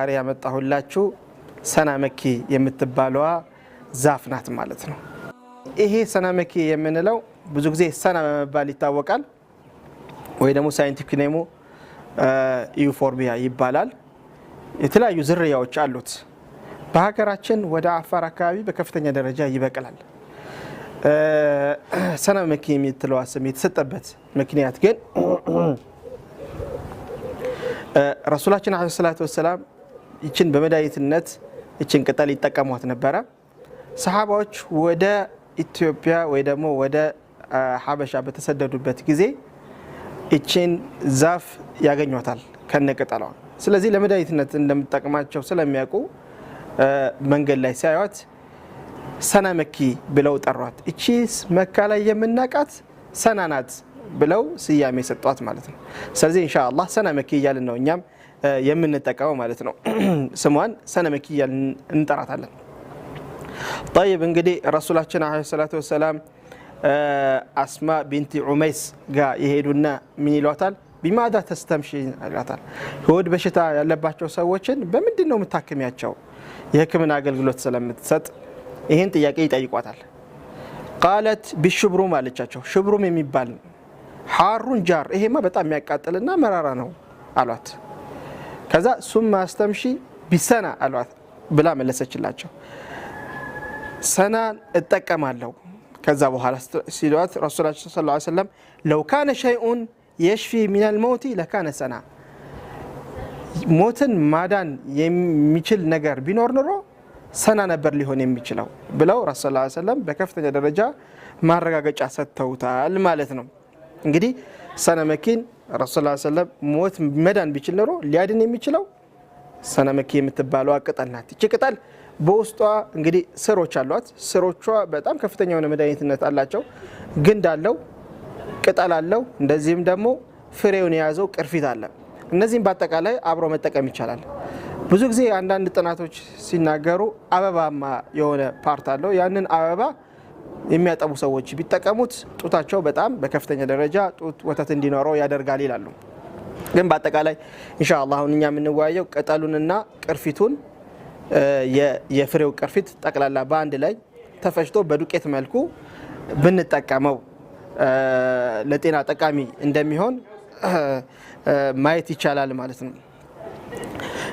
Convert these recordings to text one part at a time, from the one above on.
ዛሬ ያመጣሁላችሁ ሰናመኪ የምትባለዋ ዛፍ ናት ማለት ነው። ይሄ ሰናመኪ የምንለው ብዙ ጊዜ ሰና በመባል ይታወቃል፣ ወይ ደግሞ ሳይንቲፊክ ኔሙ ኢዩፎርቢያ ይባላል። የተለያዩ ዝርያዎች አሉት። በሀገራችን ወደ አፋር አካባቢ በከፍተኛ ደረጃ ይበቅላል። መኪ የምትለዋ ስም የተሰጠበት ምክንያት ግን ረሱላችን ዐለይሂ ሰላቱ ወሰላም ይችን በመድኃኒትነት ይችን ቅጠል ይጠቀሟት ነበረ። ሰሓባዎች ወደ ኢትዮጵያ ወይ ደግሞ ወደ ሀበሻ በተሰደዱበት ጊዜ ይችን ዛፍ ያገኟታል ከነ ቅጠሏ። ስለዚህ ለመድኃኒትነት እንደምጠቅማቸው ስለሚያውቁ መንገድ ላይ ሲያዩት ሰና መኪ ብለው ጠሯት። እቺ መካ ላይ የምናቃት ሰና ናት ብለው ስያሜ ሰጧት ማለት ነው። ስለዚህ እንሻ አላህ ሰና መኪ እያልን ነው እኛም የምንጠቀመው ማለት ነው። ስሟን ሰነ መኪያ እንጠራታለን። ጠይብ እንግዲህ ረሱላችን ዓለይሂ ሰላቱ ወሰላም አስማ ቢንቲ ዑመይስ ጋር የሄዱና ምን ይሏታል? ቢማዳ ተስተምሽ ይሏታል። የሆድ በሽታ ያለባቸው ሰዎችን በምንድን ነው የምታክሚያቸው? የሕክምና አገልግሎት ስለምትሰጥ ይህን ጥያቄ ይጠይቋታል። ቃለት ቢሽብሩም አለቻቸው። ሽብሩም የሚባል ሀሩን ጃር፣ ይሄማ በጣም የሚያቃጥልና መራራ ነው አሏት። ከዛ ሱም አስተምሺ ቢሰና አሏት ብላ መለሰችላቸው። ሰናን እጠቀማለሁ ከዛ በኋላ ሲሏት ረሱላችን ስ ላ ሰለም ለው ካነ ሸይኡን የሽፊ ሚነል መውቲ ለካነ ሰና፣ ሞትን ማዳን የሚችል ነገር ቢኖር ኑሮ ሰና ነበር ሊሆን የሚችለው ብለው ረሱ ሰለም በከፍተኛ ደረጃ ማረጋገጫ ሰጥተውታል ማለት ነው። እንግዲህ ሰነ መኪን ረሱል ሰለም ሞት መዳን ቢችል ኖሮ ሊያድን የሚችለው ሰነመኬ የምትባለዋ ቅጠል ናት። ይቺ ቅጠል በውስጧ እንግዲህ ስሮች አሏት። ስሮቿ በጣም ከፍተኛ የሆነ መድኃኒትነት አላቸው። ግንድ አለው፣ ቅጠል አለው፣ እንደዚህም ደግሞ ፍሬውን የያዘው ቅርፊት አለ። እነዚህም በአጠቃላይ አብሮ መጠቀም ይቻላል። ብዙ ጊዜ አንዳንድ ጥናቶች ሲናገሩ አበባማ የሆነ ፓርት አለው። ያንን አበባ የሚያጠቡ ሰዎች ቢጠቀሙት ጡታቸው በጣም በከፍተኛ ደረጃ ጡት ወተት እንዲኖረው ያደርጋል ይላሉ። ግን በአጠቃላይ እንሻላ አሁን እኛ የምንወያየው ቅጠሉንና ቅርፊቱን የፍሬው ቅርፊት ጠቅላላ በአንድ ላይ ተፈጭቶ በዱቄት መልኩ ብንጠቀመው ለጤና ጠቃሚ እንደሚሆን ማየት ይቻላል ማለት ነው።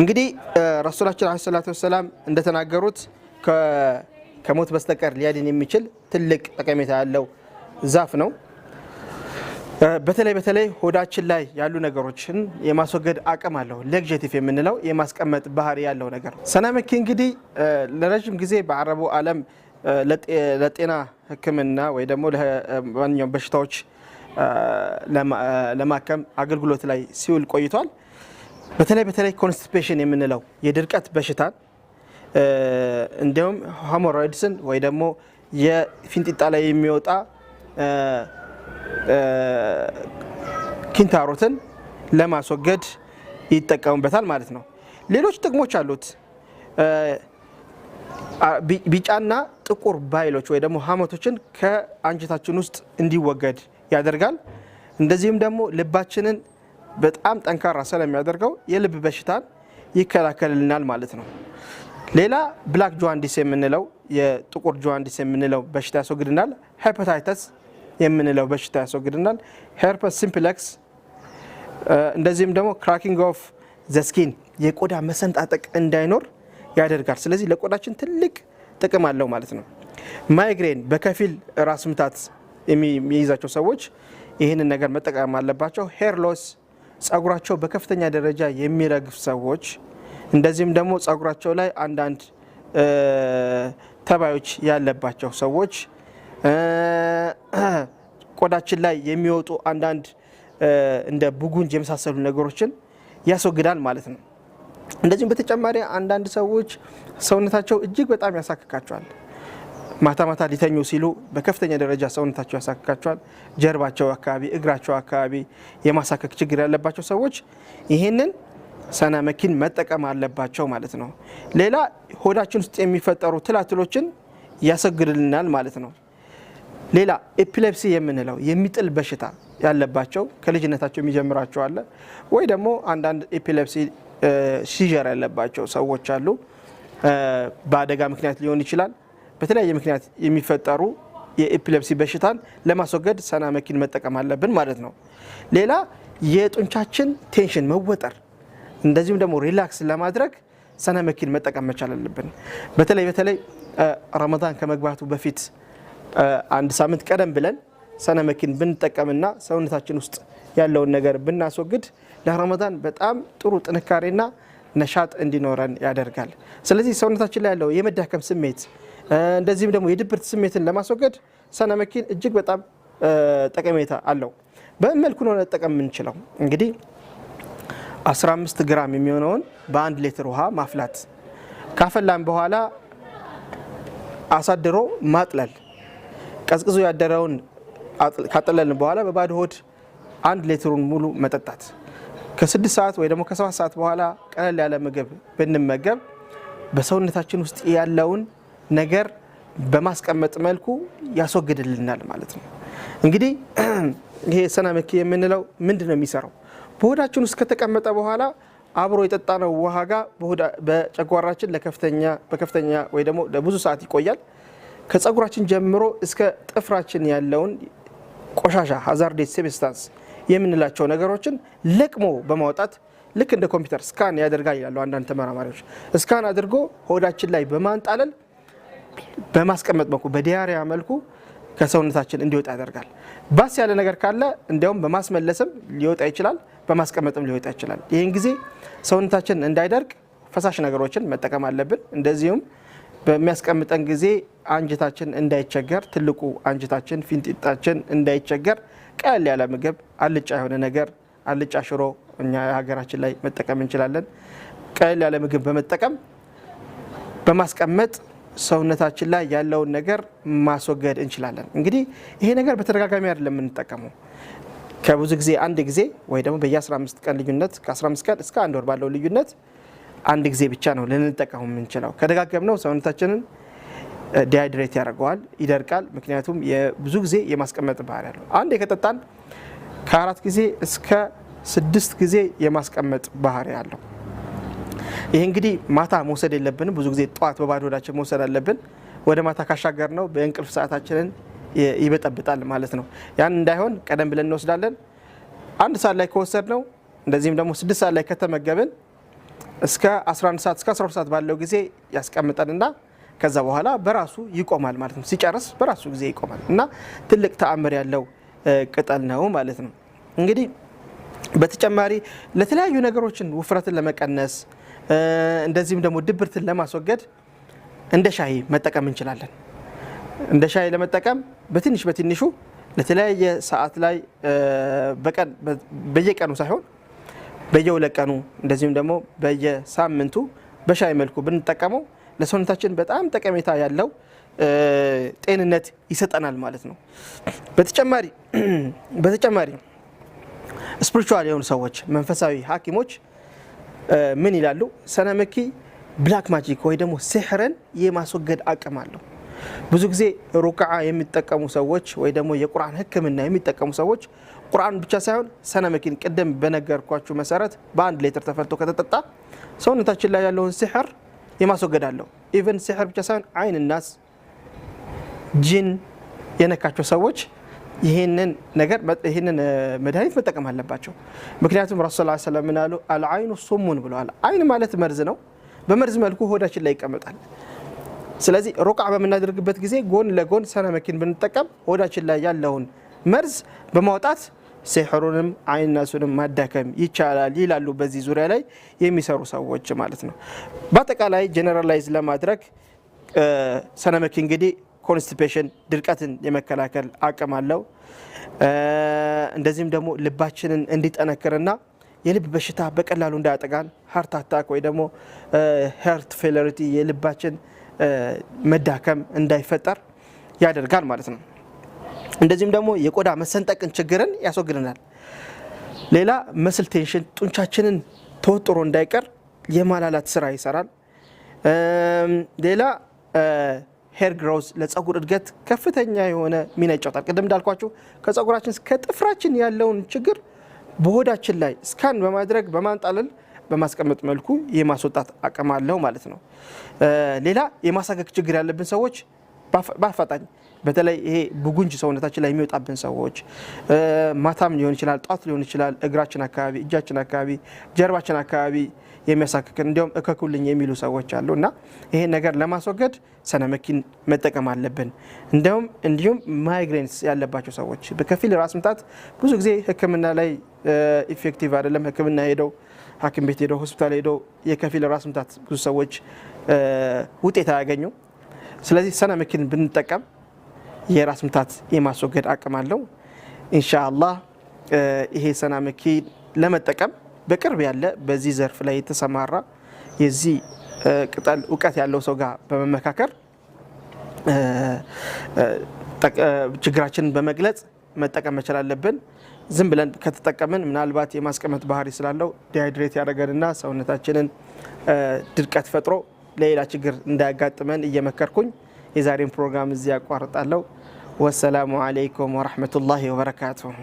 እንግዲህ ረሱላችን ዐለይሂ ሰላቱ ወሰላም እንደተናገሩት ከሞት በስተቀር ሊያድን የሚችል ትልቅ ጠቀሜታ ያለው ዛፍ ነው። በተለይ በተለይ ሆዳችን ላይ ያሉ ነገሮችን የማስወገድ አቅም አለው። ሌግዤቲቭ የምንለው የማስቀመጥ ባህሪ ያለው ነገር ሰናምኪ እንግዲህ ለረዥም ጊዜ በአረቡ ዓለም ለጤና ሕክምና ወይ ደግሞ ለማንኛውም በሽታዎች ለማከም አገልግሎት ላይ ሲውል ቆይቷል። በተለይ በተለይ ኮንስቲፔሽን የምንለው የድርቀት በሽታን እንዲሁም ሀሞሮይድስን ወይ ደግሞ የፊንጢጣ ላይ የሚወጣ ኪንታሮትን ለማስወገድ ይጠቀሙበታል ማለት ነው። ሌሎች ጥቅሞች አሉት። ቢጫና ጥቁር ባይሎች ወይ ደግሞ ሀመቶችን ከአንጀታችን ውስጥ እንዲወገድ ያደርጋል። እንደዚህም ደግሞ ልባችንን በጣም ጠንካራ ስለሚያደርገው የልብ በሽታን ይከላከልልናል ማለት ነው። ሌላ ብላክ ጆዋንዲስ የምንለው የጥቁር ጆዋንዲስ የምንለው በሽታ ያስወግድናል። ሄፐታይተስ የምንለው በሽታ ያስወግድናል። ሄርፐስ ሲምፕሌክስ እንደዚህም ደግሞ ክራኪንግ ኦፍ ዘስኪን የቆዳ መሰንጣጠቅ እንዳይኖር ያደርጋል። ስለዚህ ለቆዳችን ትልቅ ጥቅም አለው ማለት ነው። ማይግሬን በከፊል ራስ ምታት የሚይዛቸው ሰዎች ይህንን ነገር መጠቀም አለባቸው። ሄር ሎስ ጸጉራቸው በከፍተኛ ደረጃ የሚረግፍ ሰዎች እንደዚህም ደግሞ ጸጉራቸው ላይ አንዳንድ ተባዮች ያለባቸው ሰዎች ቆዳችን ላይ የሚወጡ አንዳንድ እንደ ቡጉንጅ የመሳሰሉ ነገሮችን ያስወግዳል ማለት ነው። እንደዚሁም በተጨማሪ አንዳንድ ሰዎች ሰውነታቸው እጅግ በጣም ያሳክካቸዋል። ማታ ማታ ሊተኙ ሲሉ በከፍተኛ ደረጃ ሰውነታቸው ያሳክካቸዋል። ጀርባቸው አካባቢ፣ እግራቸው አካባቢ የማሳከክ ችግር ያለባቸው ሰዎች ይህንን መኪን መጠቀም አለባቸው ማለት ነው። ሌላ ሆዳችን ውስጥ የሚፈጠሩ ትላትሎችን ያሰግድልናል ማለት ነው። ሌላ ኤፒሌፕሲ የምንለው የሚጥል በሽታ ያለባቸው ከልጅነታቸው የሚጀምራቸው አለ ወይ ደግሞ አንዳንድ ኤፒሌፕሲ ሲዠር ያለባቸው ሰዎች አሉ። በአደጋ ምክንያት ሊሆን ይችላል። በተለያየ ምክንያት የሚፈጠሩ የኤፒሌፕሲ በሽታን ለማስወገድ ሰናመኪን መጠቀም አለብን ማለት ነው። ሌላ የጡንቻችን ቴንሽን መወጠር እንደዚሁም ደግሞ ሪላክስ ለማድረግ ሰነ መኪን መጠቀም መቻል አለብን። በተለይ በተለይ ረመዳን ከመግባቱ በፊት አንድ ሳምንት ቀደም ብለን ሰነመኪን ብንጠቀምና ሰውነታችን ውስጥ ያለውን ነገር ብናስወግድ ለረመዳን በጣም ጥሩ ጥንካሬና ነሻጥ እንዲኖረን ያደርጋል። ስለዚህ ሰውነታችን ላይ ያለው የመዳከም ስሜት እንደዚሁም ደግሞ የድብርት ስሜትን ለማስወገድ መኪን እጅግ በጣም ጠቀሜታ አለው። በምን መልኩ ነው ጠቀም የምንችለው እንግዲህ 15 ግራም የሚሆነውን በአንድ ሌትር ውሃ ማፍላት ካፈላን በኋላ አሳድሮ ማጥለል ቀዝቅዞ ያደረውን ካጠለልን በኋላ በባዶ ሆድ አንድ ሌትሩን ሙሉ መጠጣት። ከስድስት ሰዓት ወይ ደግሞ ከሰባት ሰዓት በኋላ ቀለል ያለ ምግብ ብንመገብ በሰውነታችን ውስጥ ያለውን ነገር በማስቀመጥ መልኩ ያስወግድልናል ማለት ነው። እንግዲህ ይሄ ሰናመኪ የምንለው ምንድን ነው የሚሰራው? በሆዳችን ውስጥ ከተቀመጠ በኋላ አብሮ የጠጣነው ውሃ ጋር በጨጓራችን ለከፍተኛ በከፍተኛ ወይ ደግሞ ለብዙ ሰዓት ይቆያል። ከፀጉራችን ጀምሮ እስከ ጥፍራችን ያለውን ቆሻሻ ሀዛርዴት ሴብስታንስ የምንላቸው ነገሮችን ለቅሞ በማውጣት ልክ እንደ ኮምፒውተር ስካን ያደርጋል ይላሉ አንዳንድ ተመራማሪዎች። ስካን አድርጎ ሆዳችን ላይ በማንጣለል በማስቀመጥ መልኩ በዲያሪያ መልኩ ከሰውነታችን እንዲወጣ ያደርጋል። ባስ ያለ ነገር ካለ እንዲያውም በማስመለስም ሊወጣ ይችላል። በማስቀመጥም ሊወጣ ይችላል። ይህን ጊዜ ሰውነታችን እንዳይደርቅ ፈሳሽ ነገሮችን መጠቀም አለብን። እንደዚሁም በሚያስቀምጠን ጊዜ አንጀታችን እንዳይቸገር፣ ትልቁ አንጀታችን ፊንጢጣችን እንዳይቸገር ቀለል ያለ ምግብ አልጫ የሆነ ነገር አልጫ ሽሮ እኛ ሀገራችን ላይ መጠቀም እንችላለን። ቀለል ያለ ምግብ በመጠቀም በማስቀመጥ ሰውነታችን ላይ ያለውን ነገር ማስወገድ እንችላለን። እንግዲህ ይሄ ነገር በተደጋጋሚ አይደለም የምንጠቀመው ከብዙ ጊዜ አንድ ጊዜ ወይ ደግሞ በየ15 ቀን ልዩነት ከ15 ቀን እስከ አንድ ወር ባለው ልዩነት አንድ ጊዜ ብቻ ነው ልንጠቀሙ የምንችለው። ከደጋገም ነው ሰውነታችንን ዲሃይድሬት ያደርገዋል፣ ይደርቃል። ምክንያቱም ብዙ ጊዜ የማስቀመጥ ባህሪ ያለው አንድ የከጠጣን ከአራት ጊዜ እስከ ስድስት ጊዜ የማስቀመጥ ባህሪ ያለው። ይህ እንግዲህ ማታ መውሰድ የለብንም። ብዙ ጊዜ ጠዋት በባዶ ሆዳችን መውሰድ አለብን። ወደ ማታ ካሻገር ነው በእንቅልፍ ሰዓታችንን ይበጠብጣል ማለት ነው። ያን እንዳይሆን ቀደም ብለን እንወስዳለን። አንድ ሰዓት ላይ ከወሰድ ነው እንደዚህም ደግሞ ስድስት ሰዓት ላይ ከተመገብን እስከ 11 ሰዓት እስከ 12 ሰዓት ባለው ጊዜ ያስቀምጠንና ከዛ በኋላ በራሱ ይቆማል ማለት ነው። ሲጨርስ በራሱ ጊዜ ይቆማል እና ትልቅ ተአምር ያለው ቅጠል ነው ማለት ነው። እንግዲህ በተጨማሪ ለተለያዩ ነገሮችን ውፍረትን ለመቀነስ እንደዚህም ደግሞ ድብርትን ለማስወገድ እንደ ሻይ መጠቀም እንችላለን። እንደ ሻይ ለመጠቀም በትንሽ በትንሹ ለተለያየ ሰዓት ላይ በቀን በየቀኑ ሳይሆን በየሁለት ቀኑ እንደዚሁም ደግሞ በየሳምንቱ በሻይ መልኩ ብንጠቀመው ለሰውነታችን በጣም ጠቀሜታ ያለው ጤንነት ይሰጠናል ማለት ነው። በተጨማሪ በተጨማሪ ስፕሪቹዋል የሆኑ ሰዎች መንፈሳዊ ሐኪሞች ምን ይላሉ? ሰነምኪ ብላክ ማጂክ ወይ ደግሞ ሲሕርን የማስወገድ አቅም አለው። ብዙ ጊዜ ሩቅዓ የሚጠቀሙ ሰዎች ወይ ደግሞ የቁርአን ህክምና የሚጠቀሙ ሰዎች ቁርአን ብቻ ሳይሆን ሰነ መኪን ቅደም በነገርኳችሁ መሰረት በአንድ ሌትር ተፈልቶ ከተጠጣ ሰውነታችን ላይ ያለውን ሲሕር የማስወገድ አለው። ኢቨን ሲሕር ብቻ ሳይሆን አይን ናስ፣ ጂን የነካቸው ሰዎች ይህንን ነገር ይህንን መድኃኒት መጠቀም አለባቸው። ምክንያቱም ረሱ ስ ሰለም ምናሉ አልአይኑ ሱሙን ብለዋል። አይን ማለት መርዝ ነው። በመርዝ መልኩ ሆዳችን ላይ ይቀመጣል። ስለዚህ ሩቃ በምናደርግበት ጊዜ ጎን ለጎን ሰነመኪን ብንጠቀም ሆዳችን ላይ ያለውን መርዝ በማውጣት ሲሕሩንም አይናሱንም ማዳከም ይቻላል ይላሉ። በዚህ ዙሪያ ላይ የሚሰሩ ሰዎች ማለት ነው። በአጠቃላይ ጀነራላይዝ ለማድረግ መኪ እንግዲህ ኮንስቲፔሽን ድርቀትን የመከላከል አቅም አለው። እንደዚህም ደግሞ ልባችንን እንዲጠነክርና የልብ በሽታ በቀላሉ እንዳያጠቃን ሀርት አታክ ወይ ደግሞ ሄርት ፌለሪቲ የልባችን መዳከም እንዳይፈጠር ያደርጋል ማለት ነው። እንደዚሁም ደግሞ የቆዳ መሰንጠቅን ችግርን ያስወግድናል። ሌላ መስል ቴንሽን ጡንቻችንን ተወጥሮ እንዳይቀር የማላላት ስራ ይሰራል። ሌላ ሄር ግሮዝ ለፀጉር እድገት ከፍተኛ የሆነ ሚና ይጫወታል። ቅድም እንዳልኳችሁ ከፀጉራችን እስከ ጥፍራችን ያለውን ችግር በሆዳችን ላይ ስካን በማድረግ በማንጣለል በማስቀመጥ መልኩ የማስወጣት አቅም አለው ማለት ነው። ሌላ የማሳከክ ችግር ያለብን ሰዎች በአፋጣኝ በተለይ ይሄ ብጉንጅ ሰውነታችን ላይ የሚወጣብን ሰዎች ማታም ሊሆን ይችላል፣ ጧት ሊሆን ይችላል። እግራችን አካባቢ፣ እጃችን አካባቢ፣ ጀርባችን አካባቢ የሚያሳክክን እንዲሁም እከኩልኝ የሚሉ ሰዎች አሉ እና ይሄ ነገር ለማስወገድ መኪን መጠቀም አለብን። እንዲሁም እንዲሁም ማይግሬንስ ያለባቸው ሰዎች በከፊል ራስ ምታት ብዙ ጊዜ ሕክምና ላይ ኢፌክቲቭ አይደለም። ሕክምና ሄደው ሐኪም ቤት ሄደው ሆስፒታል ሄደው የከፊል ራስ ምታት ብዙ ሰዎች ውጤት አያገኙ። ስለዚህ ሰነ ምኪን ብንጠቀም የራስ ምታት የማስወገድ አቅም አለው። ኢንሻአላህ ይሄ ሰነምኪን ለመጠቀም በቅርብ ያለ በዚህ ዘርፍ ላይ የተሰማራ የዚህ ቅጠል እውቀት ያለው ሰው ጋር በመመካከር ችግራችንን በመግለጽ መጠቀም መቻል አለብን። ዝም ብለን ከተጠቀምን ምናልባት የማስቀመጥ ባህሪ ስላለው ዲሃይድሬት ያደረገንና ሰውነታችንን ድርቀት ፈጥሮ ለሌላ ችግር እንዳያጋጥመን እየመከርኩኝ የዛሬን ፕሮግራም እዚህ ያቋርጣለሁ። ወሰላሙ አለይኩም ወረህመቱላሂ ወበረካቱሁ።